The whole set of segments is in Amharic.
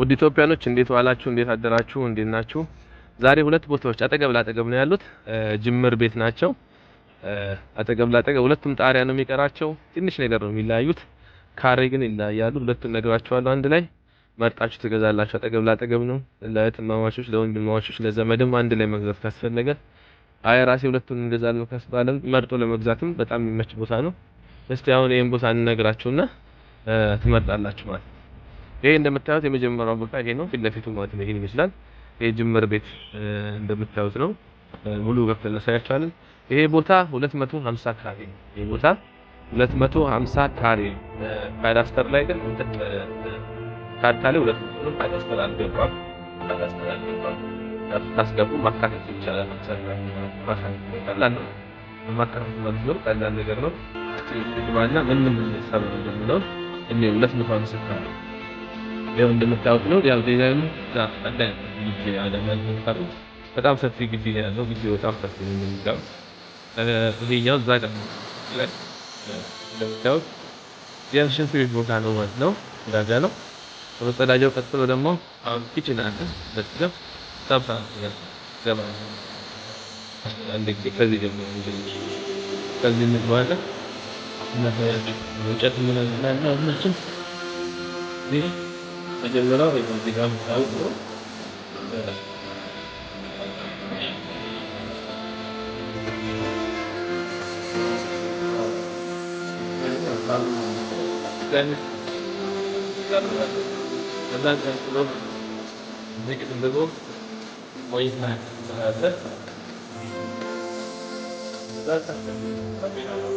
ውድ ኢትዮጵያኖች እንዴት ዋላችሁ? እንዴት አደራችሁ? እንዴት ናችሁ? ዛሬ ሁለት ቦታዎች አጠገብ ላጠገብ ነው ያሉት። ጅምር ቤት ናቸው። አጠገብ ላጠገብ ሁለቱም ጣሪያ ነው የሚቀራቸው። ትንሽ ነገር ነው የሚለያዩት። ካሬ ግን ይለያያሉ። ሁለቱም ነግራችኋለሁ። አንድ ላይ መርጣችሁ ትገዛላችሁ። አጠገብ ላጠገብ ነው። ለእህትማማቾች፣ ለወንድማማቾች፣ ለዘመድም አንድ ላይ መግዛት ካስፈለገ አይ ራሴ ሁለቱን እንገዛለሁ ካስባለም መርጦ ለመግዛትም በጣም የሚመች ቦታ ነው። እስቲ አሁን ይሄን ቦታ እንነግራችሁና ትመርጣላችሁ ማለት ይሄ እንደምታዩት የመጀመሪያው ቦታ ይሄ ነው። ፊት ለፊቱ ማለት ነው። ይሄን ይመስላል። ይሄ ጅምር ቤት እንደምታዩት ነው። ሙሉ ገብተን እናሳያችኋለን። ይሄ ቦታ 250 ካሬ ይሄ ቦታ 250 ካሬ ካዳስተር ላይ ግን ካርታ ላይ ሁለት ካዳስተር አልገባም። ካዳስተር አልገባም። ታስገቡ ማካከል ይቻላል። ማካከል ነገር ነው። ምን ምን ሰበብ ነው? እኔ 250 ካሬ ያው እንደምታውቁት ነው። ያው ዲዛይኑ በጣም ሰፊ ጊዜ ያለው ጊዜ በጣም ሰፊ ነው የሚዛው ይሄኛው እዛ ደግሞ እንደምታውቁት የሽንት ቤት ቦታ ነው ማለት ነው። እንዳዛ ነው። ከመጸዳጃው ቀጥሎ ደግሞ ኪችን አለ። በስለም ሳብሳ ገባ አንድ ጊዜ ከዚህ ደግሞ ከዚህ እንግባለን እንጨት ምናምን ምናምን مجلة راضي بالذكاء كان كان كلهم ذكر لهم ويسمع هذا لا تحتمل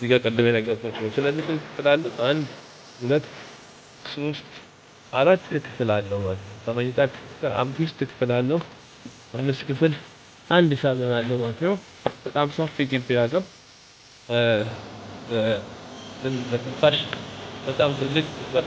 እዚህ ጋር ቀድሜ ነገርኳቸው። ስለዚህ ትላለህ አንድ ሁለት ሶስት አራት ክፍል አለው ማለት ነው። ከመኝታ አምስት ክፍል አለው። አምስት ክፍል አንድ ሳሎን አለው ማለት ነው። በጣም ሰፊ ግቢ ያለው በጣም ትልቅ ትበት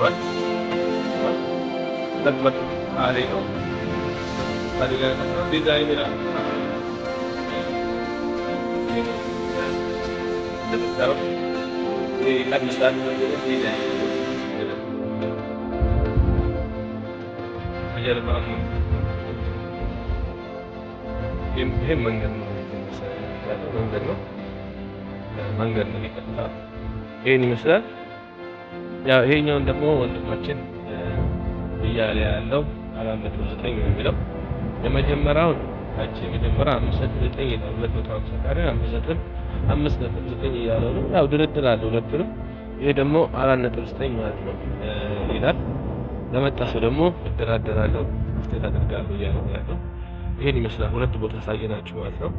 वर्ष लगभग आ di हो design Menjelma Him mengandung Him mengandung Him mengandung Him mengandung ያው ይሄኛውን ደግሞ ወንድማችን እያለ ያለው አራት መቶ ዘጠኝ ነው የሚለው የመጀመሪያው ታች የመጀመሪያ አምስት ዘጠኝ ነው። ሁለት መቶ ሀምሳ ካሬ አምስት ዘጠኝ አምስት ነጥብ ዘጠኝ እያለው ነው። ያው ድርድር አለ ሁለቱንም። ይሄ ደግሞ አራት ነጥብ ዘጠኝ ማለት ነው ይላል። ለመጣ ሰው ደግሞ እደራደራለሁ፣ ስቴት አድርጋለሁ እያለ ያለው ይሄን ይመስላል። ሁለት ቦታ ሳየናችሁ ማለት ነው።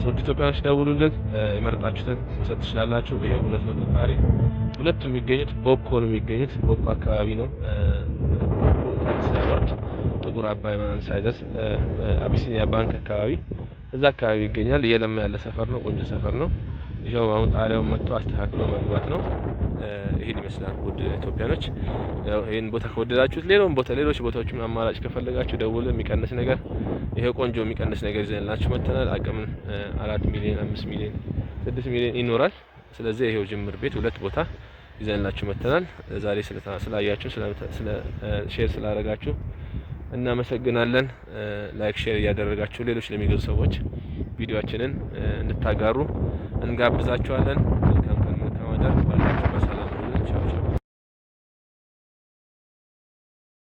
ትውልድ ኢትዮጵያ ደውሉልን፣ የመረጣችሁትን መውሰድ ትችላላችሁ። ይህ ሁለት መቶ ካሬ ሁለቱም የሚገኙት ቦኮ ነው የሚገኙት ቦኮ አካባቢ ነው። ሳይወርድ ጥቁር አባይ ማን ሳይደርስ አቢሲኒያ ባንክ አካባቢ እዛ አካባቢ ይገኛል። እየለማ ያለ ሰፈር ነው። ቆንጆ ሰፈር ነው። ያው አሁን አለውን መጥቶ አስተካክሎ መግባት ነው። ይሄን ይመስላል ውድ ኢትዮጵያኖች፣ ይህን ቦታ ከወደዳችሁት ሌላውን ቦታ ሌሎች ቦታዎችም አማራጭ ከፈለጋችሁ ደውሎ የሚቀንስ ነገር ይሄ ቆንጆ የሚቀንስ ነገር ይዘንላችሁ መጥተናል። አቅምን አራት ሚሊዮን አምስት ሚሊዮን ስድስት ሚሊዮን ይኖራል። ስለዚህ ይሄው ጅምር ቤት ሁለት ቦታ ይዘንላችሁ መጥተናል። ዛሬ ስላያችሁ ሼር ስላደረጋችሁ እናመሰግናለን። ላይክ ሼር እያደረጋችሁ ሌሎች ለሚገዙ ሰዎች ቪዲዮችንን እንድታጋሩ እንጋብዛችኋለን። መልካም ቀን፣ መልካም አዳር ባላችሁ በሰላም